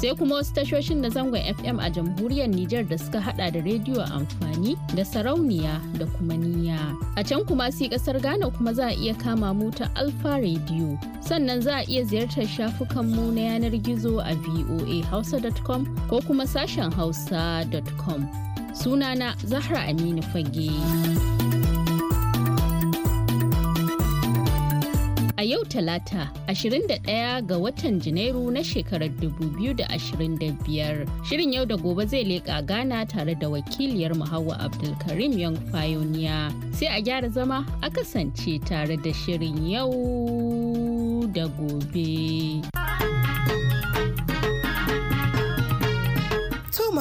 sai kuma wasu tashoshin na zangon fm a jamhuriyar nijar da suka hada da rediyo amfani da sarauniya da kuma niya a can kuma si kasar ghana kuma za a iya kama mu ta alfa radio sannan za a iya ziyartar shafukanmu na yanar gizo a voahausa.com ko kuma sashen hausa.com sunana zahra aminu fage. a yau talata 21 ga watan janairu na shekarar 2025 shirin yau da gobe zai leƙa ghana tare da wakiliyar hawa abdulkarim young pioneer sai a gyara zama a kasance tare da shirin yau da gobe.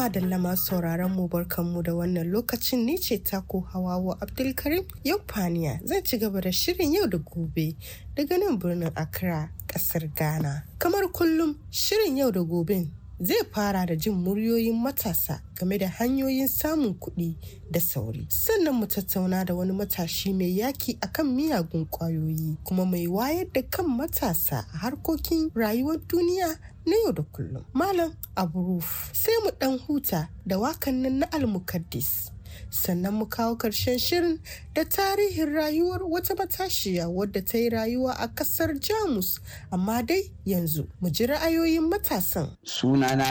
da lama sauraron mu mu da wannan lokacin ni ce taku hawawa Abdulkarim yau faniya zan ci gaba da shirin yau da gobe daga nan birnin Accra kasar Ghana. Kamar kullum shirin yau da gobe zai fara da jin muryoyin matasa game da hanyoyin samun kuɗi da sauri sannan mu tattauna da wani matashi mai yaki kan miyagun ƙwayoyi kuma mai wayar da kan matasa a harkokin rayuwar duniya na yau da kullum malam abu sai mu ɗan huta da wakannin na almukaddis sannan mu kawo karshen shirin da tarihin rayuwar wata matashiya wadda ta yi rayuwa a kasar jamus amma dai yanzu mu ji ra'ayoyin matasan sunana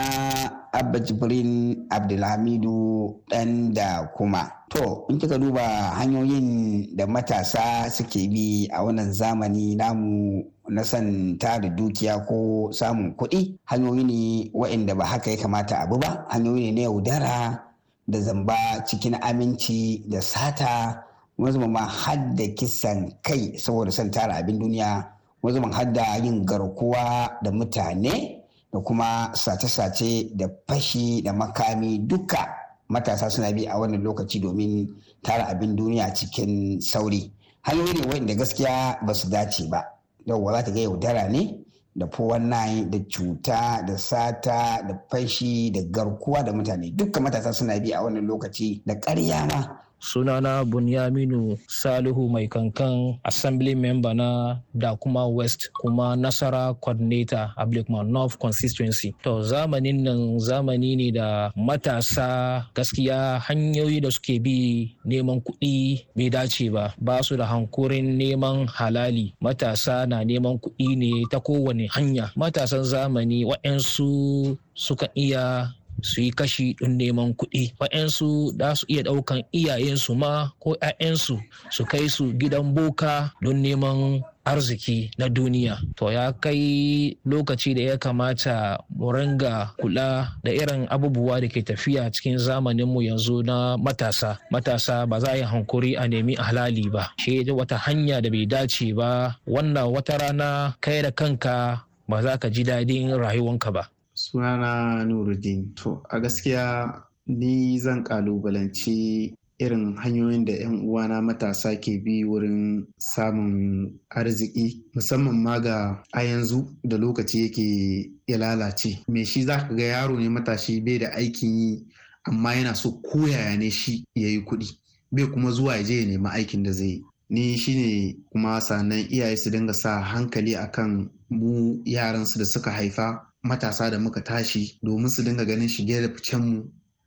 abba jibrin abdulhamidu dan da kuma To, in kika duba hanyoyin da matasa suke bi a wannan zamani namu na san tara dukiya ko samun kuɗi hanyoyi ne wa'inda ba haka ya kamata abu ba hanyoyi ne na yaudara da zamba cikin aminci da sata wanzu ma har kisan kai saboda son tara abin duniya wanzu zama har yin garkuwa da mutane da kuma sace-sace da fashi da makami duka matasa suna bi a wannan lokaci domin tara abin duniya cikin sauri hanyoyi ne wanda gaskiya ba su dace ba yau za ta ga yaudara ne da 419 da cuta da sata da fashi da garkuwa da mutane dukkan matasa suna bi a wannan lokaci da ƙarya ma sunana bunyaminu salihu mai kankan assembly member na dakuma west kuma nasara coordinator a blakeman north constituency to zamanin nan zamani ne da matasa gaskiya hanyoyi da suke bi neman kuɗi bai dace ba ba su da hankurin neman halali matasa na neman kuɗi ne ta kowane hanya matasan zamani waɗansu suka iya su yi kashi ɗin neman kuɗi wa'yansu da su iya ɗaukan iyayensu ma ko 'ya'yansu su kai su gidan boka don neman arziki na duniya to ya kai lokaci da ya kamata mu kula da irin abubuwa da ke tafiya cikin zamaninmu yanzu na matasa matasa ba za a yi hankuri a nemi halali ba shi wata hanya da bai dace ba wannan wata rana kai da kanka ba za ka ji daɗin rayuwanka ba Sunana Nuruddin. To, a gaskiya ni zan kalubalanci irin hanyoyin da 'yan uwana matasa ke bi wurin samun arziki musamman ma ga a yanzu da lokaci yake ya lalace me shi za ka ga yaro ne matashi bai da aikin yi amma yana so koyaya ne shi ya yi kuɗi bai kuma zuwa ya je ya nemi aikin da zai yi ni shi ne kuma sannan iyaye su dinga sa hankali akan mu yaransu da suka haifa matasa da muka tashi domin su dinga ganin shige da ficen mu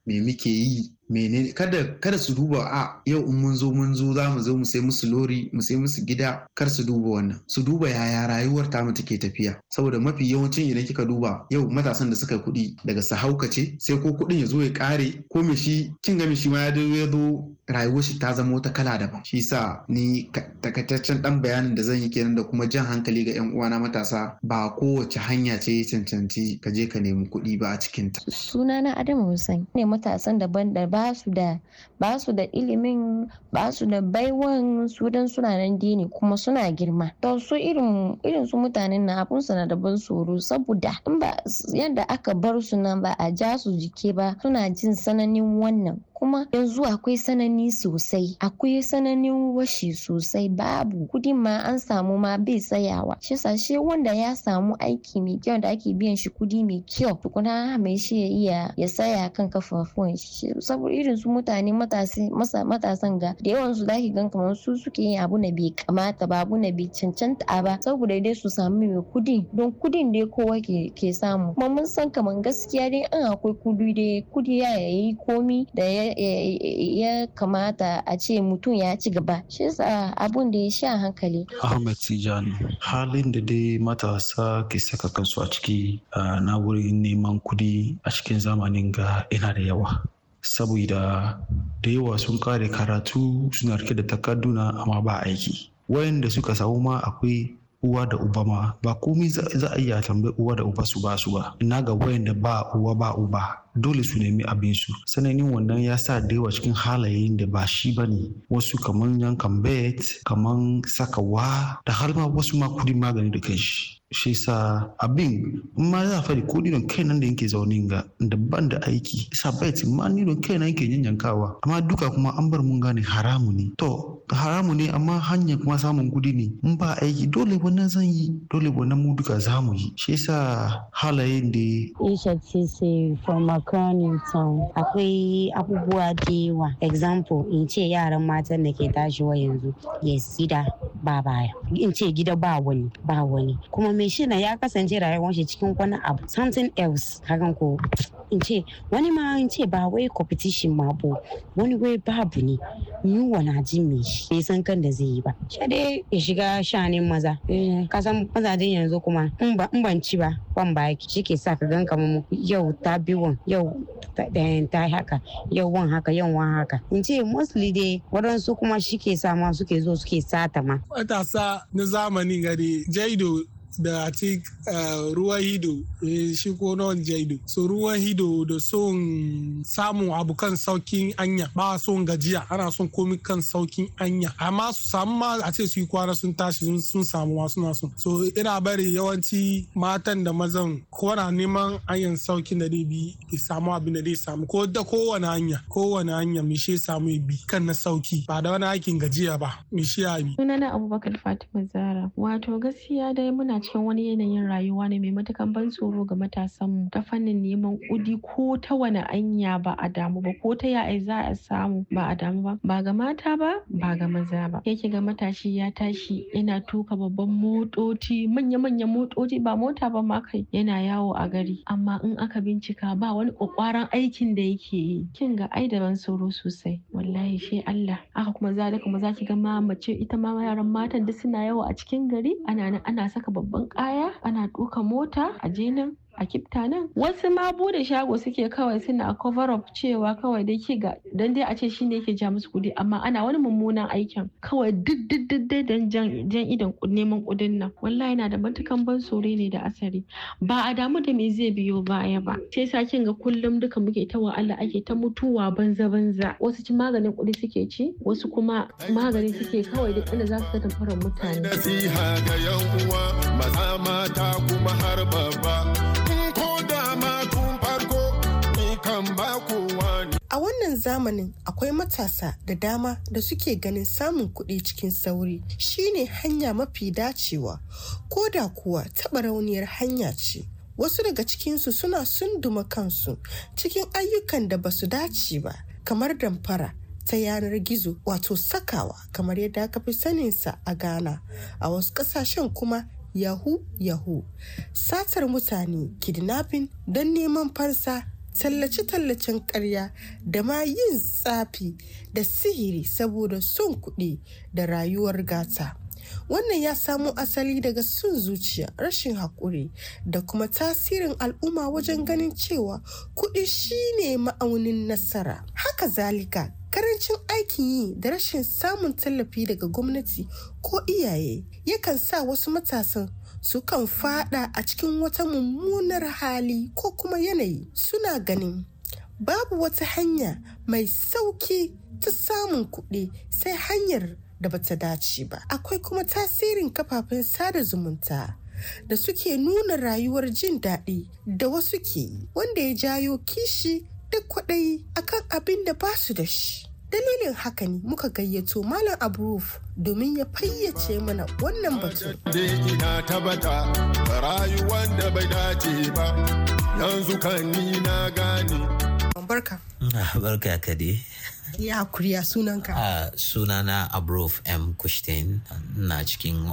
me muke yi menene kada kada su duba a yau in mun zo mun zo za mu zo mu sai musu lori mu sai musu gida kar su duba wannan su duba yaya rayuwar ta mu take tafiya saboda mafi yawancin idan kika duba yau matasan da suka kuɗi daga su ce sai ko kuɗin ya zo ya ƙare ko me shi kin ga me shi ma ya zo rayuwar shi ta zama wata kala daban shi sa ni takaitaccen dan bayanin da zan yi kenan da kuma jan hankali ga yan uwana matasa ba kowace hanya ce cancanci ka je ka nemi kuɗi ba a cikinta sunana adamu hussein ne matasan daban da ba su da ilimin ba su da baiwan su dan suna nan dini kuma suna girma to su irin irin su mutanen na abun na da ban tsoro saboda in ba yadda aka bar su nan ba a ja su jike ba suna jin sananin wannan kuma yanzu akwai sanani sosai akwai sananin washi sosai babu kudin ma an samu ma bai tsayawa shi sashe wanda ya samu aiki mai kyau da ake biyan shi kudi mai kyau tukuna mai shi ya iya ya tsaya kan kafafuwan shi saboda irin su mutane matasan ga da yawan su zaki gan kamar su suke yin abu na bai kamata ba abu na bai cancanta a ba saboda dai su samu mai kudin don kudin dai kowa ke samu kuma mun san kamar gaskiya dai an akwai kudi dai kudi ya yayi komi da ya ya kamata a ce mutum ya ci gaba shi sa abun da ya sha hankali ahmed tijani halin da dai matasa ke saka kansu a ciki na wurin neman kudi a cikin zamanin ga yana da yawa saboda da yawa sun kare karatu suna rike da takarduna amma ba aiki wayanda suka samu ma akwai uwa da uba ma ba komai za a iya tambayi uwa da uba su ba su ba ina ga wayanda ba uwa ba uba dole su nemi abin su sananin wannan ya sa da yawa cikin halayen da ba shi ba ne wasu kaman yankan bet kaman sakawa da har ma wasu ma kudin magani da kai shi. shi sa abin ma za a fari ko don kai nan da yake zaune ga daban da aiki isa bait ma don kai nan yake yanyankawa amma duka kuma an bar mun gane haramu ne to haramu ne amma hanyar kuma samun kudi ne in ba aiki dole wannan zan yi dole wannan mu duka za mu yi shi sa halayen da Isha Sise from Makarni Town akwai abubuwa da yawa example in ce yaran matan da ke tashiwa yanzu ya sida ba baya in ce gida ba wani ba wani kuma mai shi ya kasance rayuwar shi cikin wani abu something else hakan ko in ce wani ma in ce ba wai competition ma bo wani wai babu ne yi wa na ji mai shi san kan da zai yi ba shi dai ya shiga shanin maza eh, kasan mazajen yanzu kuma in ban ci ba ban ya shi ke sa ka gan kamar yau ta wan yau ta eh, haka yau wan haka yau wan haka in ce mostly dai waɗansu kuma shi ke sa ma suke zo suke sata ma matasa na zamanin gari jaido da a ce ruwan hido eh, shi ko na wani jaido so ruwan hido da son samun abu kan saukin anya ba son gajiya ana son komi kan saukin anya amma su samu ma a ce su yi kwana sun tashi sun samu ma suna son so ina bari yawanci matan da mazan na neman anyan saukin da dai bi ya samu abin da dai samu ko da kowane hanya kowane anya mai shi samu ya bi kan na sauki ba da wani aikin gajiya ba mai shi ya bi. sunana abubakar fatima zara wato gaskiya dai muna cikin wani yanayin rayuwa ne mai matukan ban tsoro ga matasanmu ta fannin neman kudi ko ta wani anya ba a damu ba ko ta yaya za a samu ba a damu ba ba ga mata ba ba ga maza ba yake ga matashi ya tashi yana tuka babban motoci manya-manyan motoci ba mota ba ma kai yana yawo a gari amma in aka bincika ba wani kwakwaran aikin da yake yi kin ga ai da ban tsoro sosai wallahi shi Allah aka kuma za kuma za ki ga ma mace ita ma yaran matan duk suna yawo a cikin gari ana nan ana saka babban babban kaya ana ɗuka mota a jinin a kipta nan wasu ma bude shago suke kawai suna cover up cewa kawai dai kiga dan dai a ce shine yake ja musu kudi amma ana wani mummunan aikin kawai duk duk duk dai dan jan jan idan neman kudin nan wallahi yana da matukan ban sore ne da asari ba a damu da me zai biyo baya ba sai sa kin ga kullum duka muke ta Allah ake ta mutuwa banza banza wasu ci maganin kudi suke ci wasu kuma magani suke kawai duk inda za su tafara mutane nasiha ga yan uwa mata kuma har babba zamanin akwai matasa da dama da suke ganin samun kuɗi cikin sauri shine hanya mafi dacewa ko da kuwa taɓa rauniyar hanya ce wasu daga cikinsu suna sunduma kansu cikin ayyukan da ba su dace ba kamar damfara ta yanar gizo wato sakawa kamar yadda aka fi saninsa a ghana a wasu ƙasashen kuma yahu yahu satar mutane kidnapping don neman fansa tallace-tallacen ƙarya da ma yin tsafi da sihiri saboda son kuɗi da rayuwar gata. Wannan ya samo asali daga sun zuciya, rashin haƙuri da kuma tasirin al'umma wajen ganin cewa kuɗi shine ma'aunin nasara. Haka zalika, karancin aikin yi da rashin samun tallafi daga gwamnati ko iyaye yakan sa wasu matasan sukan fada a cikin wata mummunar hali ko kuma yanayi suna ganin babu wata hanya mai sauki ta samun kuɗi sai hanyar da bata dace ba akwai kuma tasirin kafafen sada zumunta da suke nuna rayuwar jin daɗi da wasu ke wanda ya jayo kishi da kwaɗayi akan abin da basu da shi dalilin haka ne muka gayyato malam abruf domin ya fayyace mana wannan batu ina tabata rayuwar da bai dace ba yanzu kan ni na gane barka ah, barka ka ya kuriya sunanka ah, sunana abruf m kushtin na cikin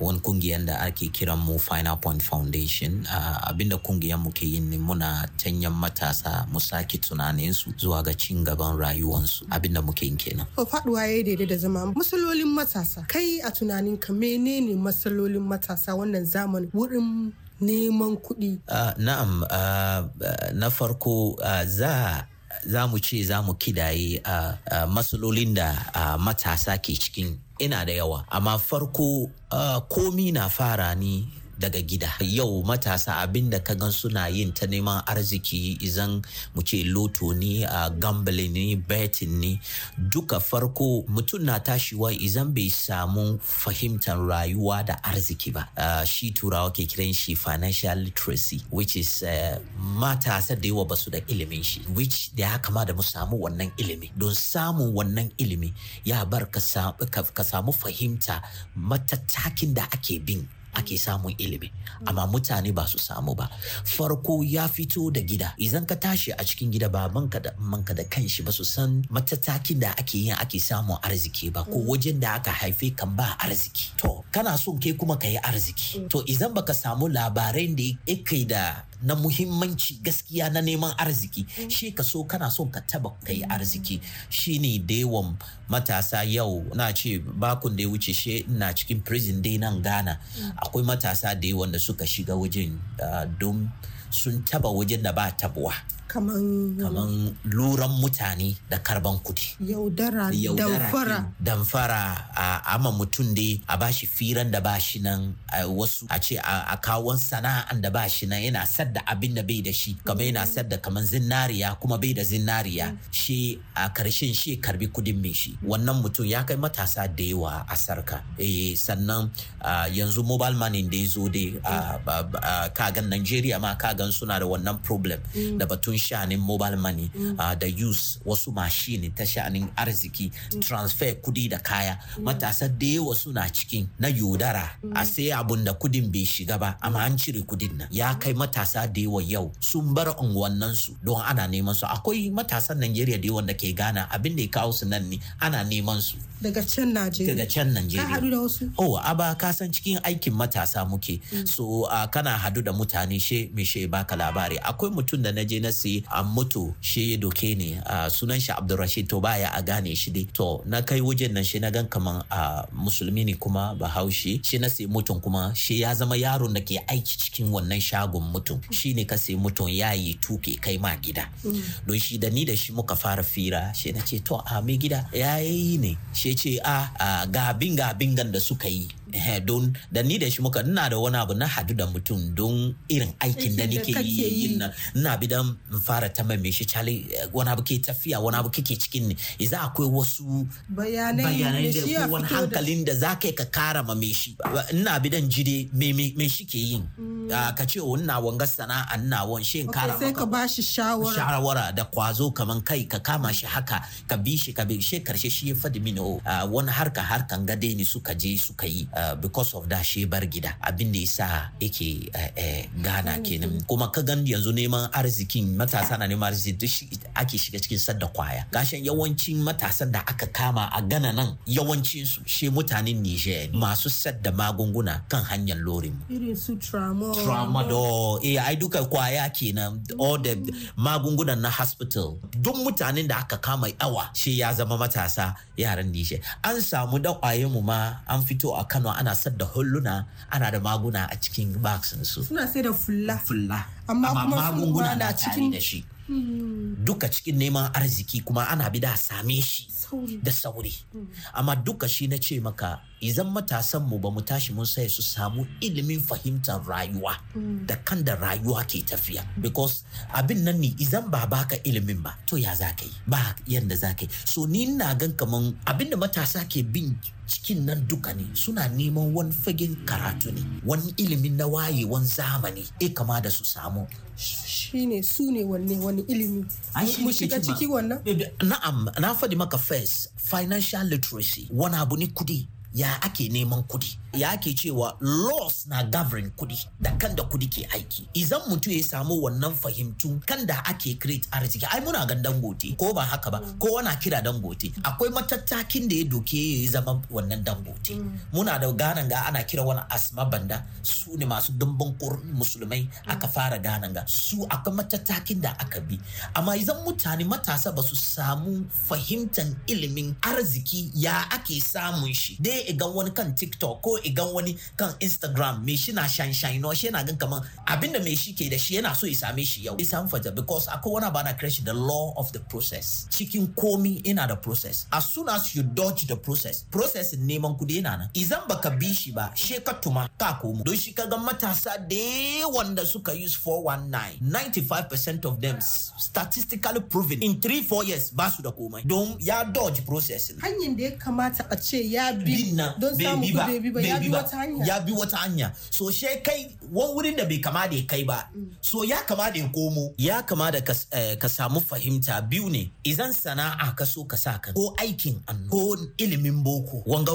wani kungiyar da ake kiran mu final point foundation uh, abinda kungiyar mu ke yin ne muna tanyan matasa mu sake tunaninsu zuwa ga cin gaban rayuwansu abinda muke yin kenan to faduwa yayi daidai da zama Masalolin matasa kai a tunanin ka menene matsalolin matasa wannan zamani wurin neman kuɗi uh, na'am uh, na farko uh, za za mu ce za mu kidaye uh, uh, matsalolin da uh, matasa ke cikin ina da yawa amma farko ah, komi na fara ni daga gida yau matasa abinda ka gan suna yin ta neman arziki izan mu ce loto ne a gambling ne betting ne duka farko mutum na tashiwa izan bai samu fahimtar rayuwa da arziki ba uh, shi turawa ke kiran shi financial literacy which is eh, matasa da yawa basu da ilimin shi which da ya kama da mu samu wannan ilimi don samun wannan ilimi ya bar ka samu fahimta matattakin da ake bin ake samun ilimi mm. amma mutane ba su samu ba farko ya fito da gida idan ka tashi a cikin gida ba manka da manka da kanshi ba su san matatakin da ake yin ake samun arziki ba ko mm. wajen da aka haife kan ba arziki to kana son kai kuma ka yi arziki mm. to idan baka samu labarai da yake da na muhimmanci gaskiya na neman arziki shi ka so kana son ka taba kai arziki shine da yawan matasa yau na ce bakun da ya wuce shi na cikin prison dai nan Ghana akwai matasa da yawan da suka shiga wajen ah, don sun taba wajen da ba tabuwa kaman kaman luran mutane da karban kudi yaudara damfara damfara a ama mutum da a bashi firan da bashi nan wasu a ce a kawon sana'an da bashi nan yana sadda abin da bai da shi kamar yana sadda kaman zinariya kuma bai da zinariya shi a karshen shi karbi kudin mai shi wannan mutum ya kai matasa da yawa a sarka eh sannan yanzu mobile money da ya zo dai kagan Najeriya ma kagan suna da wannan problem mm. da batun sha'anin mobile money da mm. uh, use wasu mashin ta sha'anin arziki mm. transfer kudi da kaya mm. matasa da yawa suna cikin na yodara a sai abun da kudin bai shiga ba amma an cire kudin nan ya kai matasa da yawa yau sun bar unguwannan su don ana neman su akwai matasan Najeriya da yawan da ke gana abin da ya kawo su nan ne ana neman su daga can Najeriya daga can Najeriya ka hadu da wasu oh aba ka san cikin aikin matasa muke mm. so uh, kana hadu da mutane she me she baka labari akwai mutum da na je na sai a moto she ya doke ne uh, sunan shi Abdulrashid to baya a gane shi dai to na kai wajen nan she na gan kaman uh, musulmi ne kuma Bahaushe she na sai mutum kuma she ya zama yaron da ke aiki cikin wannan shagon mutum ne ka sai mutum yi tuke kai ma gida mm. don shi da ni da shi muka fara fira she na ce to a me gida yi ne she sai ce a ah, ah, ga binga bingan da suka yi Eh, don da ni da shi muka ina da wani abu na hadu da mutum don irin aikin da nake yi ina dan fara ta mai shi chali eh, wani abu ke tafiya wani abu kike cikin ne iza akwai wasu bayanai da wani hankalin da zaka ka ka kara ma mai shi ina dan jide me shi ke yin mm. ah, ka ce wani na wanga sana'a ina wani shi kara sai ka ba shi shawara da kwazo kaman kai ka kama shi haka ka bi shi ka bi shi karshe shi ya fadi mini oh, ah, wani harka harkan gade ne suka je suka yi Uh, because of da shi bar gida abin da yasa yake uh, uh, gana mm. kenan kuma ka gan yanzu neman arzikin matasa na neman arziki duk ake shiga cikin sadda kwaya gashin yawancin matasan da aka kama a gana nan yawancin su shi mutanen Niger masu sadda magunguna kan hanyar lorin irin su tramadol eh ai duka kwaya kenan all the mm. magungunan na hospital duk mutanen da aka kama awa shi ya zama matasa yaran Niger an samu da mu ma an fito a Kano ana sar da hulluna ana da maguna a cikin baksin su suna sai da fulla fulla amma magunguna na cikin da shi hmm. duka cikin neman arziki kuma ana bi da same shi da sauri amma duka shi na ce maka idan matasanmu ba mu tashi mun sai su samu ilimin fahimtar rayuwa mm. da kan da rayuwa ke tafiya because abin nan ne idan ba baka ilimin ba to ya za ka yi ba yadda za ka yi so ni na gan kaman abin da matasa ke bin cikin nan duka ne suna neman wani fagen karatu ne wani ilimin na wani zamani e kama da su samu shine su ne wanne wani ilimi mu shiga ciki wannan na'am na faɗi maka first financial literacy wani abu ne kudi ya ake neman kudi ya ake cewa laws na govern kudi da kan da kudi ke aiki izan mutum ya samu wannan fahimtu kan da ake create arziki ai muna gan dangote ko ba haka ba ko wana kira dangote akwai matattakin da ya doke ya zama wannan dangote mm. muna da ganan ga ana kira wani asma banda su ne masu dumbin musulmai aka mm. fara ganan ga su akwai matattakin da aka bi amma izan mutane matasa ba su samu fahimtan ilimin arziki ya ake samun shi dai sai igan wani kan tiktok ko igan wani kan instagram me shi na shine shine no shi na gan kaman abinda me shi ke da shi yana so ya same shi yau isa fata because ako wani ba na kira the law of the process Chicken komi ina the process as soon as you dodge the process process neman kudi yana nan idan baka bi shi ba she ka tuma ka komo don shi kaga matasa da wanda suka use 419 95% of them statistically proven in 3 4 years ba su da komai don ya dodge process hanyar da ya kamata a ce ya bi nan bai bi ba ya bi wata hanya so she kai wani wurin da bai kama da ya kai ba mm. so ya kama da ya komo ya kama da eh, ka samu fahimta biyu ne izan sana'a ka so ka sa ka ko aikin annu ko ilimin boko wanga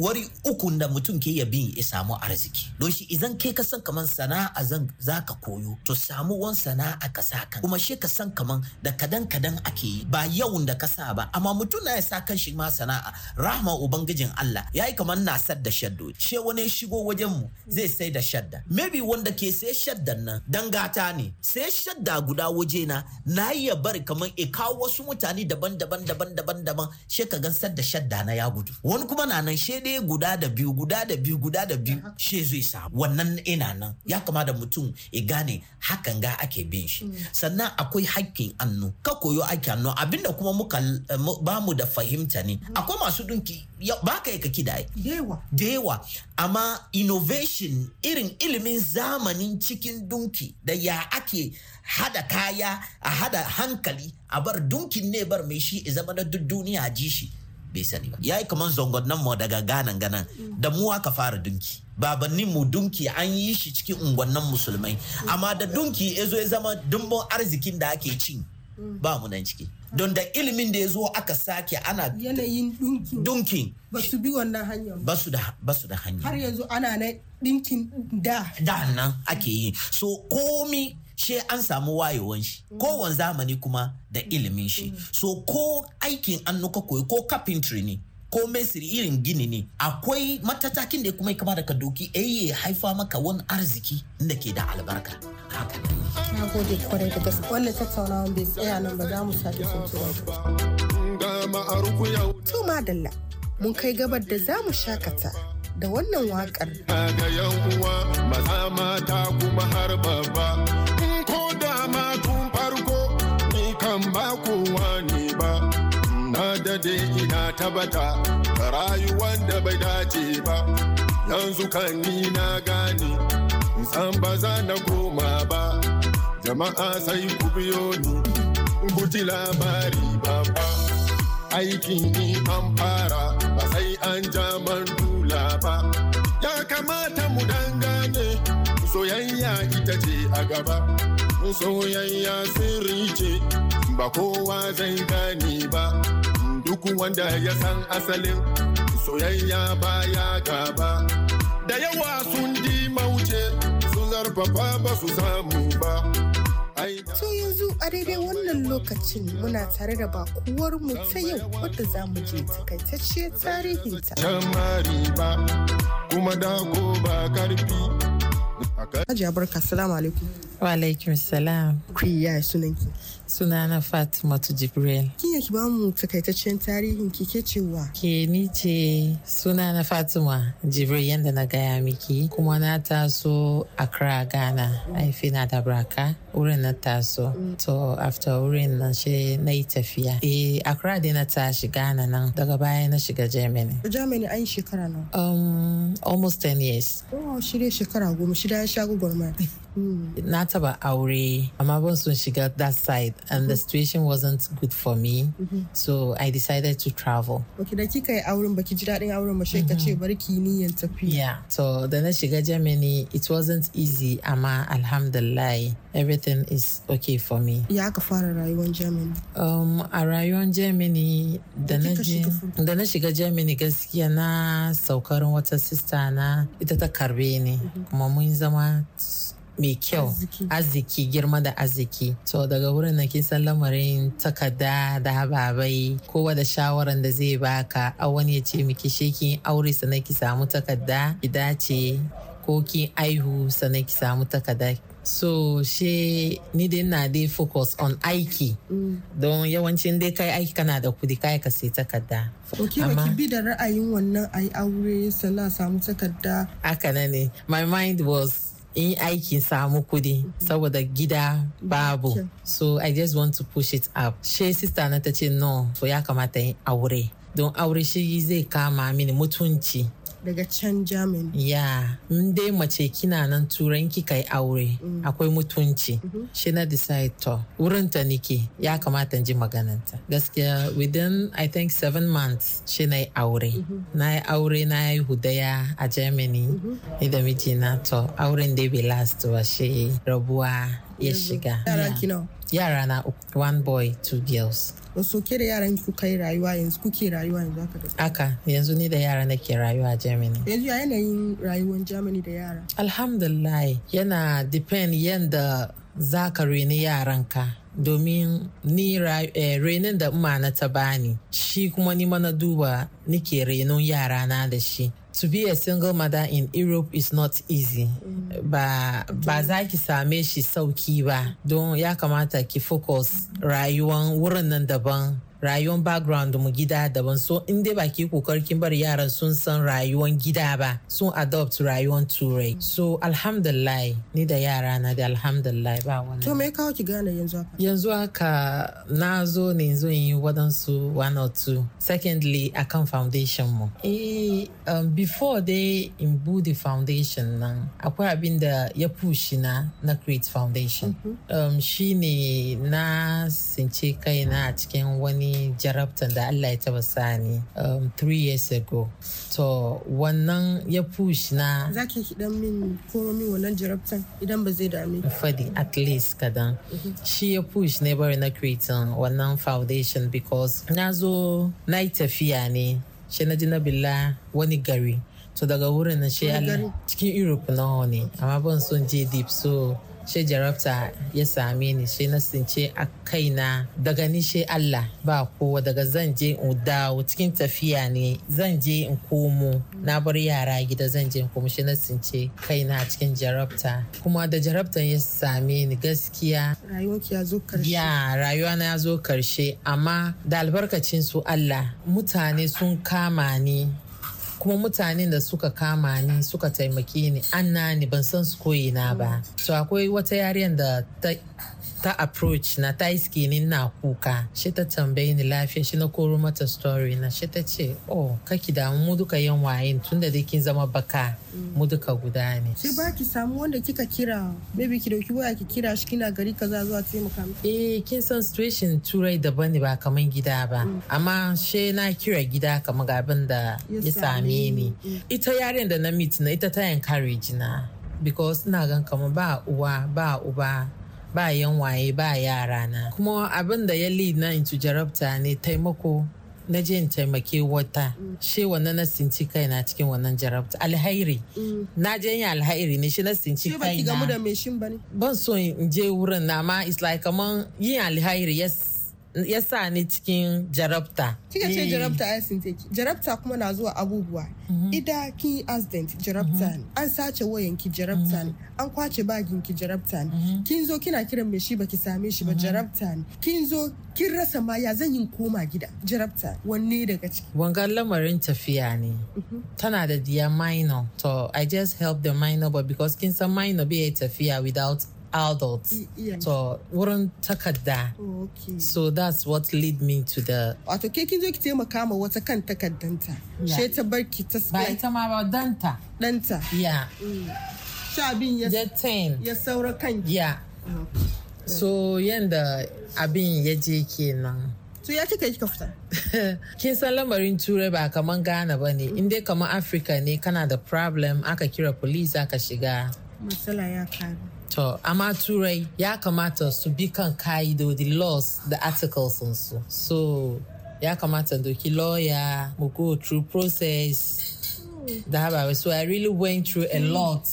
wari ukun da mutum ke ya bin ya samu arziki don shi idan kai ka san kaman sana'a zan za ka koyo to samu wani sana'a ka sa kan kuma she ka san kaman da kadan kadan ake yi ba yau da ka sa ba amma mutum na ya sa kan shi ma sana'a rahma ubangijin Allah ya yi kamar na sad da shaddo wani shigo wajen mu zai sai da shadda maybe wanda ke sai shaddan nan dan gata ne sai shadda guda waje na na iya bari kamar e kawo wasu mutane daban-daban daban-daban daban she ka gan sad da shadda na ya gudu wani kuma na nan she dai guda da biyu guda da biyu guda da biyu she zai sa wannan ina nan ya kama da mutum e gane hakan ga ake bin shi mm. sannan akwai hakkin annu ka koyo ake annu abinda kuma muka eh, ba mu da fahimta ne mm. akwai masu dunki ba ka yi ka kidaye da Dewa. amma innovation irin ilimin zamanin cikin dunki da ya ake hada kaya a hada hankali a bar dunkin ne bar mai shi zama na duk duniya ji shi bai sani ba ya yi kamar zongon nan mu daga ganan ganan mm. da mu aka fara dunki babannin mu dunki an yi shi cikin unguwannin musulmai mm. amma da dunki ya ya zama dumbon arzikin da ake cin ba mu nan ciki don da ilimin da ya zo aka sake ana yanayin dunkin ba su bi wannan hanyar ba da ba su da hanya har yanzu ana na dinkin da da nan ake yi so komi she an samu wayewan shi kowane zamani kuma da ilimin shi so ko aikin annuka koyi ko kafin ne komai siri irin gini ne akwai matatakin da ya kuma kama da ka doki yi eh, ya haifa maka wani arziki da ke da albarka haka ne na gode kwarai da gaske tattaunawa bai tsaya nan ba za mu sake to madalla mun kai gabar da za mu shakata da wannan wakar ga yan uwa maza mata kuma har babba in ko da ma tun farko ni kan ba kowa ne na ina tabata rayuwan da bai dace ba yanzu kan ni na gane san ba za na koma ba jama'a sai ku biyo ni buti labari ba. aikin ni an fara ba sai an ja man dula ba ya kamata mu dangane soyayya ita ce a gaba soyayya sirri ce ba kowa zai gane ba duk wanda ya san asalin soyayya baya gaba da yawa sun ji mauce sun zarfafa ba su samu ba To yanzu a daidai wannan lokacin muna tare da bakuwar mu ta yau wadda za mu je takaitacce ba kuma da ba karfi Hajiya barka salamu alaikum Walaikum salam. Ku ya sunanki. Sunana Fatimatu Jibril. Kin ki ba mu takaitaccen tarihin ki ke cewa. Ke ni ce sunana Fatima Jibril yadda na gaya miki kuma na taso Accra Ghana haifi na da Braka wurin na taso. To after wurin na she na yi tafiya. Eh Accra dai na tashi Ghana nan daga baya na shiga Germany. Germany an shekara na. Um almost 10 years. Oh shirye shekara goma shida ya sha gwagwarmaya. Mm. Not about aure. My mom soon she got that side, and mm-hmm. the situation wasn't good for me. Mm-hmm. So I decided to travel. Okay, da kika yi auren baki ji dadin auren ba mm-hmm. Yeah. So then she got Germany, it wasn't easy amma alhamdulillah everything is okay for me. Ya ka fara rayuwar Germany? Um a Germany da she got Germany gaskiya na saukarin wata sister na ita ta karbe ni mm-hmm. kuma mun zama mai kyau arziki girma da arziki to daga wurin na kin san lamarin takarda da hababai kowa da shawaran da zai baka a wani ya ce miki shekin aure sannan ki samu takarda ki dace ko ki aihu sannan ki samu takarda so she ni dai na dai focus on aiki mm. don yawancin dai kai aiki kana da kudi kai ka sai takarda ok ba ki bi da ra'ayin wannan ai aure sannan samu takarda haka ne my mind was in aiki samu kudi saboda gida babu so i just want to push it up she sister na ta ce no so ya kamata yin aure don aure shi zai kama mini mutunci daga can germany ya in dai mace kina nan turan kika yi aure mm. akwai mutunci mm-hmm. shi na decide to wurin ta nike ya kamata ji magananta gaskiya within i think seven months shi na yi aure mm-hmm. na yi aure na yi hudaya a germany mm-hmm. ni da mijina to auren dai bai last ba shi rabuwa ya shiga yara na uku one boy two girls so ke da yaran ku kai rayuwa yanzu kuke rayuwa yanzu haka da aka yanzu ni da yara nake rayuwa a Germany yanzu ya yanayin rayuwar Germany da yara alhamdulillah yana depend yanda zaka reni yaranka domin ni eh, renin da na ta bani shi kuma ni mana duba nike renon yara na da shi to be a single mother in Europe is not easy. Mm. Ba, ba za ki same shi sauki ba don ya kamata ki focus rayuwan wurin nan daban rayuwar background mu gida daban so in dai ba ki kokarkin bar yaran sun san rayuwan gida ba sun adopt rayuwan turai so alhamdulillah ni da yara na da alhamdulillah ba wani to me kawo ki gane yanzu haka yanzu haka na zo ne yanzu in yi wadansu one or two secondly akan foundation mu eh um, before dai in bude foundation nan akwai abin da ya push na na create foundation mm -hmm. um, shine na since kaina a cikin wani jarabtar da Allah ya taba sani um, three years ago to wannan ya push na za ki dan min koro min wannan jarabtar idan ba zai dami fadi at least kadan mhm. shi ya push ne bari na creating um, wannan foundation because na zo na yi tafiya ne shi na jina na billa wani gari to daga wurin na shi cikin europe na ne amma ban son je deep so she jarabta ya same ni she na sunce a kaina daga ni she Allah ba kowa daga zan je in dawo cikin tafiya ne zan je in komo na bar yara gida zan je in komo she na sunce kaina cikin jarabta kuma da jarabtan ya same ni gaskiya Rayuwa ya zo karshe ya rayuwa na ya zo karshe amma da albarkacin su Allah mutane sun kama ni kuma mutanen da suka kama ni suka taimake ni an na ni ban san su koyi na ba To akwai wata yariyan da ta ta approach na ta yi ni na kuka shi ta tambayi ni lafiya shi na koro mata story na shi ta ce oh kaki damu mu duka yan wayin tun da kin zama baka mu duka guda ne sai ba ki samu wanda kika kira baby ki dauki waya ki kira shi kina gari kaza zuwa taimaka eh kin san situation turai daban ne ba kaman gida ba mm. amma she na kira gida kamar abin da ya same ni ita yaren da na meet na ita ta encourage na because ina gan kamar ba uwa ba uba ba yanwaye ba yara na kuma abin da ya lead na into jarabta ne taimako na je in taimake wata mm. shi wannan na sinci kai na cikin wannan jarabta alhairi mm. na je yin alhairi ne shi na sinci kai na ban so in je wurin na ma it's like kaman yin alhairi yes ya sa ni cikin jarabta. Kika ce eh. jarabta yasin teki. Jarabta kuma na zuwa abubuwa. Mhm. Ida ki accident jarabta mhm. ne. An sace wayan ki jarabta mhm. ne. An kwace bagin ki jarabta ne. Kin zo kina kiran mai shi baki same shi ba jarabta ne. Kin zo kin rasa ma ya zan yi koma gida jarabta wanne daga ciki. Wangan lamarin tafiya ne. Tana da diya minor. To I just help the minor but because kin san minor bai tafiya without adult. Yes. So wurin takarda. Okay. So that's what lead me to the. Wato ke kin zo ki taimaka ma wata kan takardanta. She ta bar ki ta. Ba ita ma ba danta. Danta. Yeah. Mm. Sha abin ya. Ya saura kan. Yeah. So yanda abin ya je kenan. To ya kika ka fita? Kin san lamarin turai ba kaman Ghana ba ne, in dai kaman Africa ne kana da problem aka kira police aka shiga. Matsala ya karu. To, amma turai to kamata su the laws the articles and So, So, kamata the lawyer, mu go through process. Mm. That way. So I really went through a lot.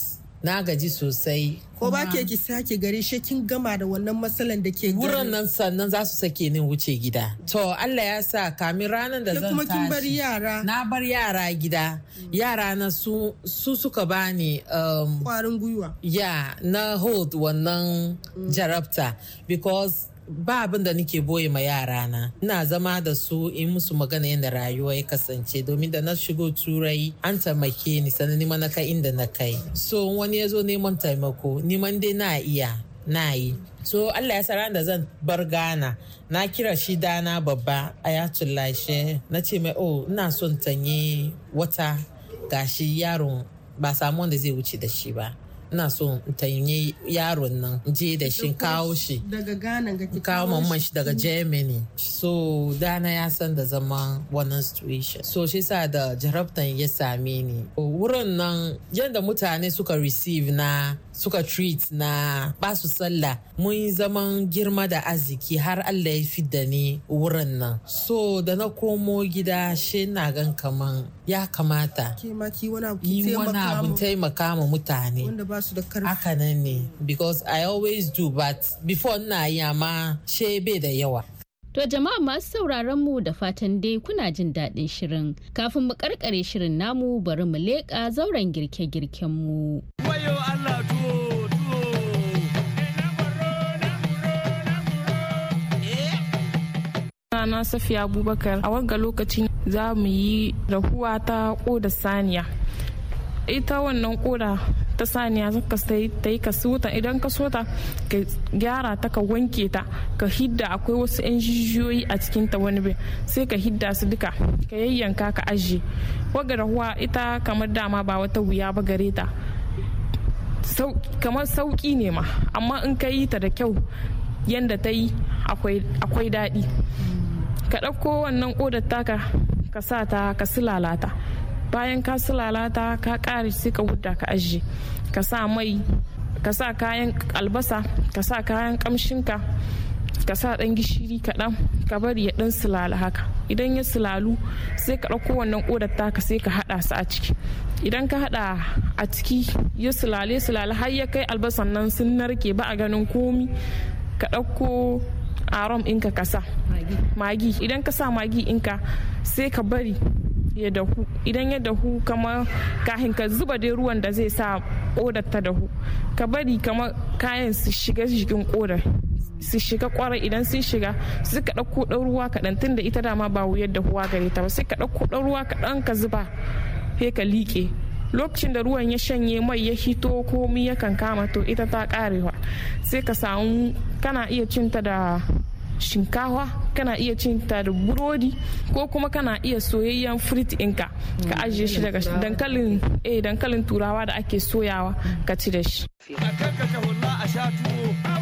na gaji sosai ko ba ke ki sake gare shi kin gama da wannan matsalan da ke wurin nan sannan za su sake ni wuce gida to Allah ya sa kamin ranar da zan kuma yara na bar yara gida mm. yara na su su suka bani ni um, kwarin gwiwa ya na hold wannan mm. jarabta because ba abin da nake boye ma yara na ina zama da su in musu magana yadda rayuwa ya kasance domin da na shigo turai an taimake ni sannan nima na kai inda na kai so wani ya zo neman taimako neman dai na iya na yi so allah ya sara da zan bar gana na kira shi dana babba ya tullashe na ce mai oh ina son tanye wata gashi yaron ba samu wanda zai wuce da shi ba ina so ta yi yaron nan je da shi kawo shi daga Ghana ga kawo mamman shi daga Germany so dana ya san da zama wannan situation so shi sa da jarabtan ya same ni wurin nan yadda mutane suka receive na suka treat na basu sallah mun zaman girma da arziki har Allah ya da ni wurin nan so da na komo gida shi na gan kaman ya kamata ki wani abu taimaka ma mutane haka nan ne because I always do but before na yi amma she bai da yawa To jama'a masu sauraron mu da fatan dai kuna jin daɗin shirin. Kafin mu karkare shirin namu bari mu leƙa zauren girke-girken mu. Sunana Safiya Abubakar a wanga lokaci za mu yi rahuwa ta koda saniya. Ita wannan koda ta saniya zaka sai ta yi ka sota idan ka sota ka gyara ta ka wanke ta ka hidda akwai wasu 'yan jijiyoyi a cikin ta wani bin sai ka hidda su duka ka yayyanka ka ajiye. Waga rahuwa ita kamar dama ba wata wuya ba gare ta. kamar sauki ne ma amma in ka yi ta da kyau yadda ta yi akwai daɗi ka ɗauko wannan ƙodar taka ka sa ta ka silalata bayan ka silalata ka ƙare sai ka huta ka ajiye ka sa mai ka sa kayan albasa ka sa kayan ƙamshinka ka sa ɗan gishiri kaɗan ka bari ya ɗan silala haka idan ya silalu sai ka ɗauko wannan ƙodar taka sai ka haɗa su a ciki idan ka haɗa a ciki ya silale silale har ya kai albasan nan sun narke ba a ganin komi ka ɗauko arom inka ka kasa magi idan ka sa magi inka sai ka bari ya dahu idan ya dahu kamar kahin ka zuba dai ruwan da zai sa kodar ta dahu ka bari kamar kayan su shiga jikin kodar su shiga kwarai idan sun shiga su ka ɗauko ɗan ruwa kaɗan tun da ita dama ba wuyar dahuwa gare ta ba sai ka ɗauko ɗan ruwa kaɗan ka zuba sai ka liƙe lokacin da ruwan ya shanye mai ya hito komi ya kama to ita ta karewa sai ka samu kana iya cinta da shinkawa kana iya cinta da burodi ko kuma kana iya soyayyen fruit inka ka mm. ajiye shi daga dankalin eh, dankalin turawa da ake soyawa ka ci da shi a a sha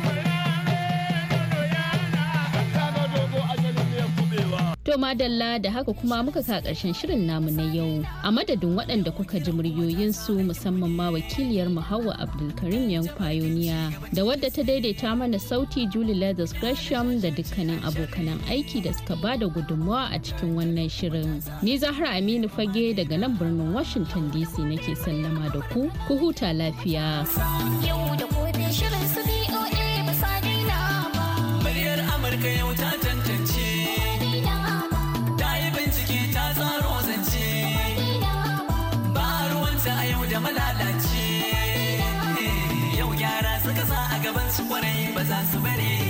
To madalla da haka kuma muka ka karshen shirin namu na yau. A madadin waɗanda kuka ji muryoyin su musamman ma wakiliyar mu Hauwa Abdulkarim yan Pioneer da wadda ta daidaita mana sauti Julie Leathers Gresham da dukkanin abokanan aiki da suka ba da gudunmawa a cikin wannan shirin. Ni Zahra Aminu Fage daga nan birnin Washington DC nake sallama da ku, ku huta lafiya. Yau da shirin su ba sa daina ba. Muryar Amurka yau ta cause I'm so ready